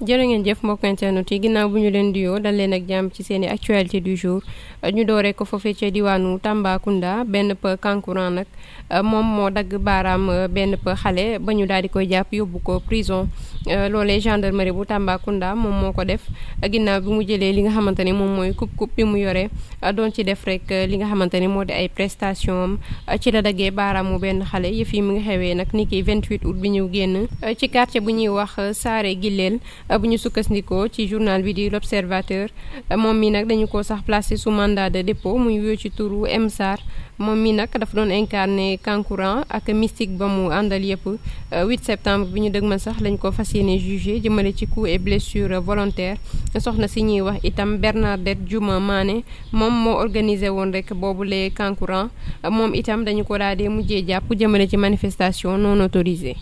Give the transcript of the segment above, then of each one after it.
jërë ngeen jëf mbokk internet yi ginnaaw bu ñu leen duyoo dal leen ak jàmm ci seeni i actualité du jour ñu dooree ko foofee ca diwaanu Tambacounda benn pa kankuran nag euh, moom moo dagg baaraam euh, benn pa xale ba ñu daal di koy jàpp yóbbu ko prison euh, loolee gendarmerie bu Tambacounda moom moo ko def ginnaaw bi mu jëlee li nga xamante ni moom mooy coupe coupe bi mu yore doon ci def rek li nga xamante ni moo di ay prestation am ci la daggee baaraamu benn xale yëf yi mu ngi xewee nag ni ki 28 août bi ñu génn ci quartier bu ñuy wax Saare Gileel bu ñu sukkandikoo ci journal bi di l'observateur moom mi nag dañu ko sax placé sous mandat de dépôt muy wéy ci turu M sar moom mi nag dafa doon incarné kankuran ak mystique ba mu àndal yëpp 8 euh, septembre bi ñu ma sax lañ ko fas yéene jugé jëmale ci coups et blessures volontaires soxna si ñuy wax itam Bernadette Diouma Mané moom moo organisé woon rek boobu lee kankuran moom itam dañu ko daal di mujjee jàpp jëmale ci manifestation non autorisée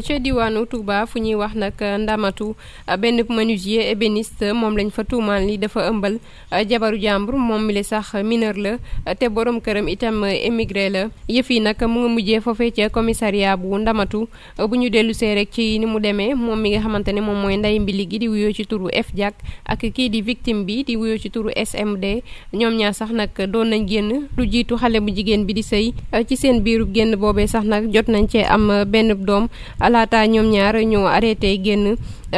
ca diwaanu Touba fu ñuy wax nag ndamatu benn menuisier ébéniste moom lañ fa tuumaan li dafa ëmbal euh, jabaru jàmbur moom mi la sax mineur la te borom këram itam émigré la yëf yi nag mu nga mujjee foofee ca commissariat bu ndamatu euh, bu ñu dellu see rek ci ni mu demee moom mi nga xamante ne moom mooy nday mbili gi di wuyoo ci turu F Diak ak kii di victime bi di wuyoo ci turu SMD ñoom ñaar sax nag doon nañ génn lu jiitu xale bu jigéen bi di sëy euh, ci seen biirub génn boobee sax nag jot nañ cee am benn doom laata ñoom ñaar ñoo arrêté génn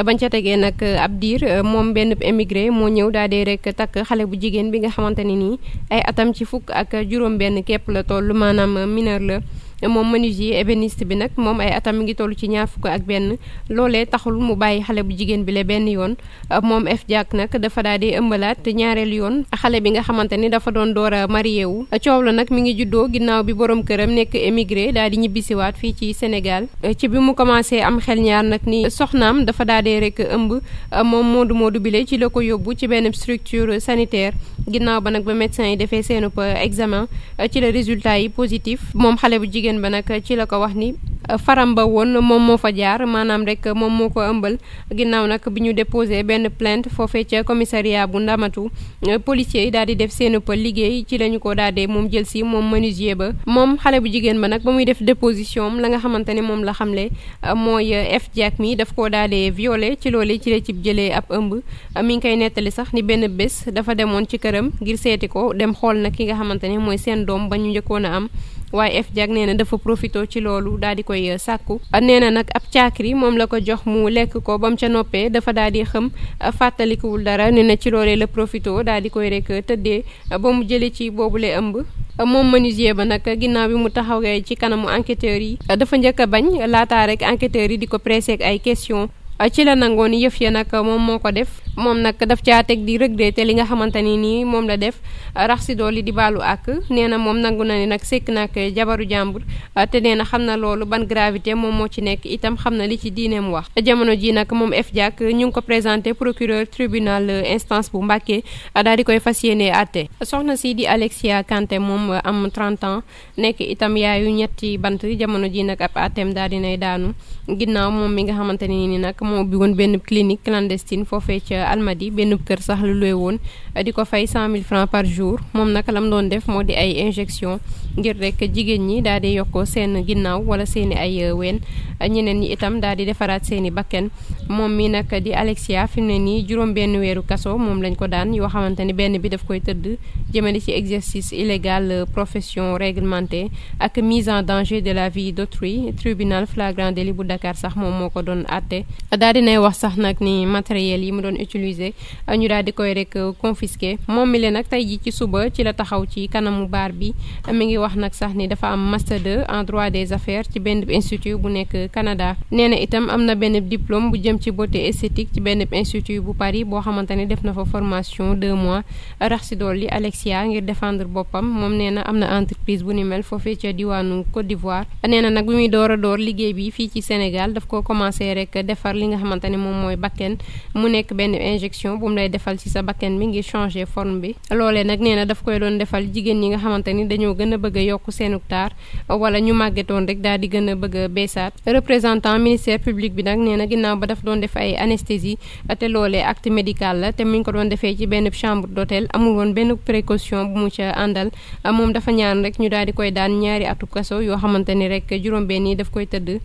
bañ ca tegee nag euh, ab diir euh, moom benn émigré moo ñëw daal di rekk takk xale bu jigéen bi nga xamante ne nii ay atam ci fukk ak juróom-benn képp la toll maanaam mineur la. moom menuisier ébéniste bi nag moom ay atam mi ngi tollu ci ñaar fukk ak benn loolee taxul mu bàyyi xale bu jigéen bi le benn yoon euh, moom F Diack nag dafa daal di ëmbalaat ñaareel yoon xale bi nga xamante ni dafa doon door a wu coow la nag mi ngi juddoo ginnaaw bi borom këram nekk émigré daal di ñibbisiwaat fii ci Sénégal euh, ci bi mu commencé am xel ñaar nag ni soxnaam dafa daal rek ëmb euh, moom moodu moodu bile ci la ko yóbbu ci benn structure sanitaire ginnaaw ba nag ba médecin yi defee seenu examen ci la résultat yi positif moom xale bu jigéen jigéen ba nag ci la ko wax ni euh, faram ba woon moom moo fa jaar maanaam rek moom moo ko ëmbal ginnaaw nag bi ñu déposé benn plainte foofee ca commissariat bu ndamatu euh, policier yi daal di def seen ëppal liggéey ci lañu ko daal di moom jël si moom menuisier ba moom xale bu jigéen ba nag ba muy def déposition am la nga xamante ne moom la xamle euh, mooy f jack mi daf koo daal di violé ci loolee ci la cib jëlee ab ëmb mi ngi koy nettali sax ni benn bés dafa demoon ci këram ngir seeti ko dem xool nag ki nga xamante ne mooy seen doom ba ñu njëkkoon a am waaye FJAK nee na dafa profité ci loolu daal di koy euh, sàkku nee na nag ab caakri moom la ko jox mu lekk ko ba mu ca noppee dafa daal di xam euh, fàttalikuwul dara nee na ci loolee la profité daal di koy rek euh, tëddee ba mu jëlee ci boobu boobule ëmb. moom menuisier ba nag ginnaaw bi mu taxawee ci kanamu enquêteurs yi dafa njëkk a bañ laataa rek enquêteurs yi di ko pressé ak ay question Ah, ci la nangoon yëf ya nag moom moo ko def moom nag daf caa teg di te li nga xamante ni nii moom la def ah, rax si dool li di baalu ak nee na moom nangu na ni nag sekk nag jabaru jàmbur ah, te nee na xam na loolu ban gravité moom moo ci nekk itam xam na li ci diineem wax. jamono ji nag moom F Diack ngi ko présenté procureur tribunal euh, instance bu Mbàkke daal di koy fas yéene àtte soxna si di Alexia Kanté moom am 30 ans nekk itam yaayu ñetti bant jamono ji nag ab àtteem daal di nay daanu ginnaaw moom mi nga xamante ni nii nag. moo bi woon benn clinique clandestine foofee ca Almadi benn kër sax lu luwe woon di ko fay cent mille francs par jour moom nag lam doon def moo di ay injection ngir rek jigéen ñi daal di yokk seen ginnaaw wala seen i ay euh, ween ñeneen ñi itam daal di defaraat seen i bakken moom mi nag di Alexia fi mu ne nii juróom benn weeru kaso moom lañ ko daan yoo xamante ni benn bi daf koy tëdd jëmale ci exercice illégal euh, profession réglementée ak mise en danger de la vie d'autrui tribunal flagrant délit bu Dakar sax moom moo ko doon àtte di dinay wax sax nag ni matériel yi mu doon utiliser ñu daal di koy rek euh, confisqué moom mi leen nag tey ji ci suba ci la taxaw ci kanamu baar bi mi ngi wax nag sax ni dafa am master 2 en droit des affaires ci benn institut bu nekk Canada nee na itam am na benn diplôme bu jëm ci beauté esthétique ci benn institut bu Paris boo xamante ne def na fa formation deux mois rax si dolli Alexia ngir défendre boppam moom nee na am na entreprise bu ni mel foofee ca diwaanu Côte d'Ivoire nee nag bi muy door door liggéey bi fii ci Sénégal daf ko commencé rek defar li nga xamante ne moom mooy bakken mu nekk benn injection bu mu lay defal ci sa bakken bi ngir changer forme bi loolee nag nee na koy doon defal jigéen ñi nga xamante ni dañoo gën a bëgg a yokk seenu taar wala ñu màggetoon rek daal di gën a bëgg a beesaat représentant ministère public bi nag nee na ginnaaw ba daf doon def ay anesthésie te loolee acte médical la te mu ngi ko doon defee ci benn chambre d'hôtel amul woon benn précaution bu mu ca àndal moom dafa ñaan rek ñu daal di koy daan ñaari atu yoo xamante ni rek juróom-benn yi daf koy tëdd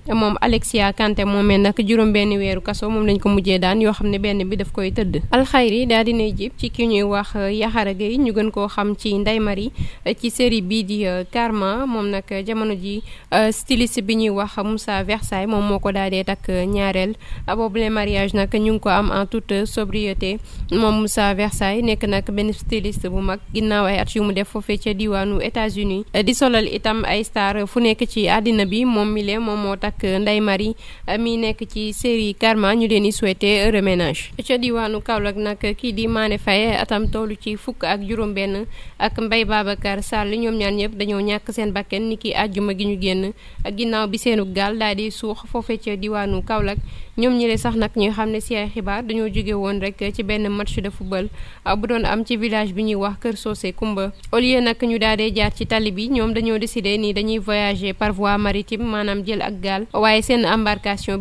weeru kaso moom lañ ko mujjee daan yoo xam ne benn bi daf koy tëdd alxayri daal dinay jib ci ki ñuy wax euh, Yaxara Gueye ñu gën koo xam ci Ndeye Marie euh, ci série bii di euh, Karma moom nag jamono ji styliste bi ñuy wax Moussa Versailles moom moo ko daa dee takk ñaareel boobule mariage nag ñu ngi ko am en toute sobriété moom Moussa Versailles nekk nag benn styliste bu mag ginnaaw ay at yu mu def foofee ca diwaanu États-Unis di solal itam ay star fu nekk ci àddina bi moom mile moom moo takk Ndeye Marie carrément ñu leen di souhaiter reménage ca diwaanu Kaolack nag kii di Mané Faye atam toolu ci fukk ak juróom-benn ak mbay Babacar Sall ñoom ñaar ñëpp dañoo ñàkk seen bakken ni ki àjjuma gi ñu génn ginnaaw bi seenu gaal daal di suux foofe ca diwaanu Kaolack ñoom ñi sax nag ñuy xam ne si xibaar dañoo jóge woon rek ci benn match de football ah, bu doon am ci village bi ñuy wax Kër Socé Kumba au lieu ñu daal dee jaar ci tali bi ñoom dañoo décidé ni dañuy voyager par voie maritime maanaam jël ak gaal waaye seen embarcation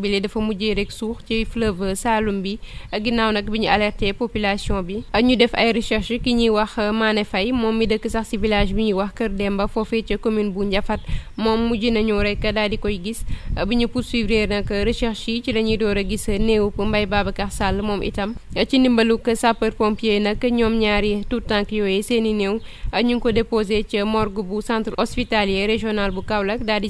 suux ci fleuve Saloum bi ginnaaw nag bi ñu alerté population bi ñu def ay recherche ki ñuy wax euh, Mané fay moom mi dëkk sax ci village bi ñuy wax Kër Demba foofee ca commune bu Ndiafat moom mujj nañu rek daal di koy gis bi ñu poursuivre nag recherche yi ci la door a gis néew mbay Babacar Sall moom itam ci ndimbalug sapeur pompier nag ñoom ñaari tout tànk yooyu seeni i néew ñu ngi ko déposé ca morgue bu centre hospitalier régional bu Kaolack daal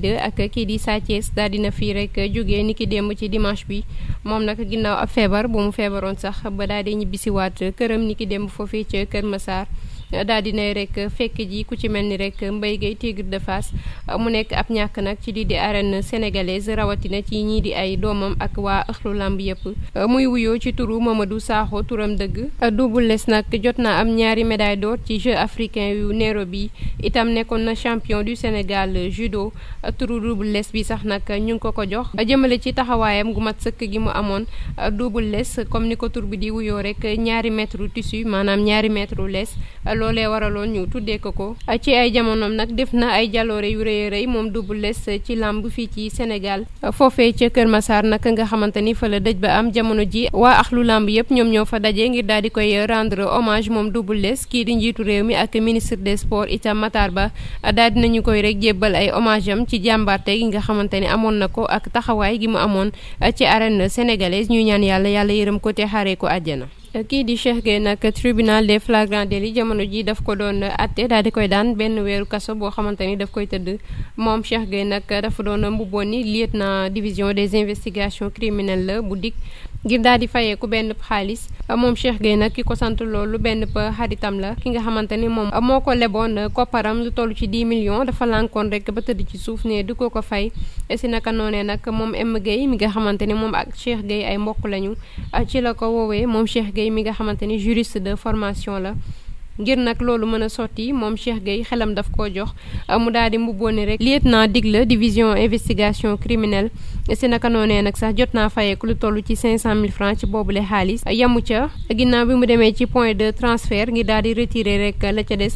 2 ak kii di Sa Thiès dina fii rek jógee ni ki démb ci dimanche bi moom nag ginnaaw ab feebar ba mu feebaroon sax ba daal di ñibbisiwaat këram ni ki démb foofee ca Kër Massar. daal di nay rek fekk ji ku ci mel ni rek Mbaye Gueye Tigre de Fass mu nekk ab ñàkk nag ci lii di arène sénégalaise rawatina ci ñii di ay doomam ak waa ëxlu lamb yëpp muy wuyoo ci turu Mamadou Sakho turam dëgg Double les nag jot na am ñaari médaille d'or ci Jeux africains yu Nairobi itam nekkoon na champion du Sénégal judo turu Double Less bi sax nag ñu ngi ko ko jox jëmale ci taxawaayam gu mat sëkk gi mu amoon Double Less comme ni ko tur bi di wuyoo rek ñaari mètre tissu maanaam ñaari mètre lees loolee waraloon ñu tuddee ko ko ci ay jamonoom nag def na ay jaloore yu rëy rëy moom Double Less ci làmb fii ci Sénégal foofee ca Kër Massar nag nga xamante ni fa la dëj ba am jamono ji waa axlu làmb yëpp ñoom ñoo fa daje ngir daal di koy rendre hommage moom Double Less kii di njiitu réew mi ak ministre des sports itam Matar Ba daal nañu koy rek jébbal ay hommage ci jàmbaarte gi nga xamante ni amoon na ko ak taxawaay gi mu amoon ci arène sénégalaise ñuy ñaan yàlla yàlla yërëm ko xaaree ko àjjana kii di Cheikh Gueye nag tribunal des flagrants li jamono ji daf ko doon atte daal di koy daan benn weeru kaso boo xamante ni daf koy tëdd moom Cheikh Gueye nag dafa doon mbubboon ni lieutenant division des investigations criminelles la bu DIC ngir daal di fayeeku benn xaalis moom Cheikh Gueye nag ki ko sant loolu benn xaritam la ki nga xamante ni moom moo ko leboon kopparam lu toll ci 10 millions dafa lankoon rek ba tëdd ci suuf ne du ko ko fay si naka noonee nag moom M Gueye mi nga xamante ni moom ak Cheikh Gueye ay mbokk lañu ci la ko woowee moom Cheikh Gueye mi nga xamante ni juriste de formation la ngir nag loolu mën a sotti moom Cheikh Gueye xelam daf koo jox mu daal di mbubboone rek lieutenant digle division investigation criminelle si naka noonee nag sax jot naa fayeeku lu toll ci cinq cent mille francs ci boobule xaalis yamu ca ginnaaw bi mu demee ci point de transfert ngir daal di retirer rek la ca des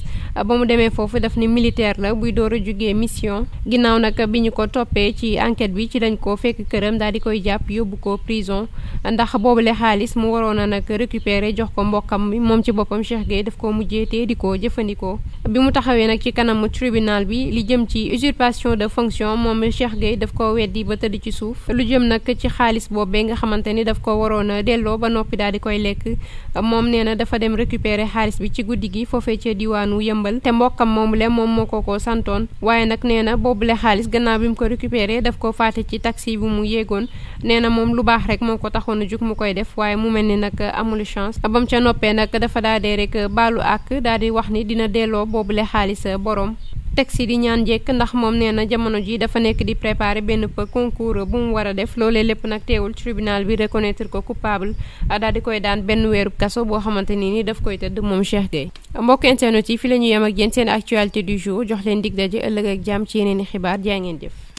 ba mu demee foofu daf ni militaire la buy door a jugee mission ginnaaw nag bi ñu ko toppee ci enquête bi ci lañ ko fekk këram daal di koy jàpp yóbbu ko prison ndax boobule xaalis mu waroon na nag récupérer jox ko mbokkam bi moom ci boppam Cheikh Gueye daf ko mujjee te di ko jëfandikoo bi mu taxawee nag ci kanamu tribunal bi li jëm ci usurpation de fonction moom Cheikh Gueye ko suuf lu jëm nag ci xaalis boobu bee nga xamante ni daf ko waroon a delloo ba noppi daal di koy lekk moom nee na dafa dem récupérer xaalis bi ci guddi gi foofee ca diwaanu yëmbal te mbokkam moom le moom moo ko ko santoon waaye nag nee na boobule xaalis gannaaw bi mu ko récupérer daf ko faate ci taxi bi mu yéegoon nee na moom lu baax rek moo ko taxoon a jug mu koy def waaye mu mel ni nag amul chance ba mu ca noppee nag dafa daal dee rek baalu àkk daal di wax ni dina delloo boobule xaalis boroom teg si di ñaan njekk ndax moom nee na jamono ji dafa nekk di préparer benn peu concours bu mu war a def loole lépp nag teewul tribunal bi reconnaître ko coupable daal di koy daan benn weeru kaso boo xamante ni ni daf koy tëdd moom Cheikh Gueye mbokk internet ci fi la ñu yem ak yéen seen actualité du jour jox leen dig daje ëllëg ak jàmm ci yeneen i xibaar jaa ngeen jëf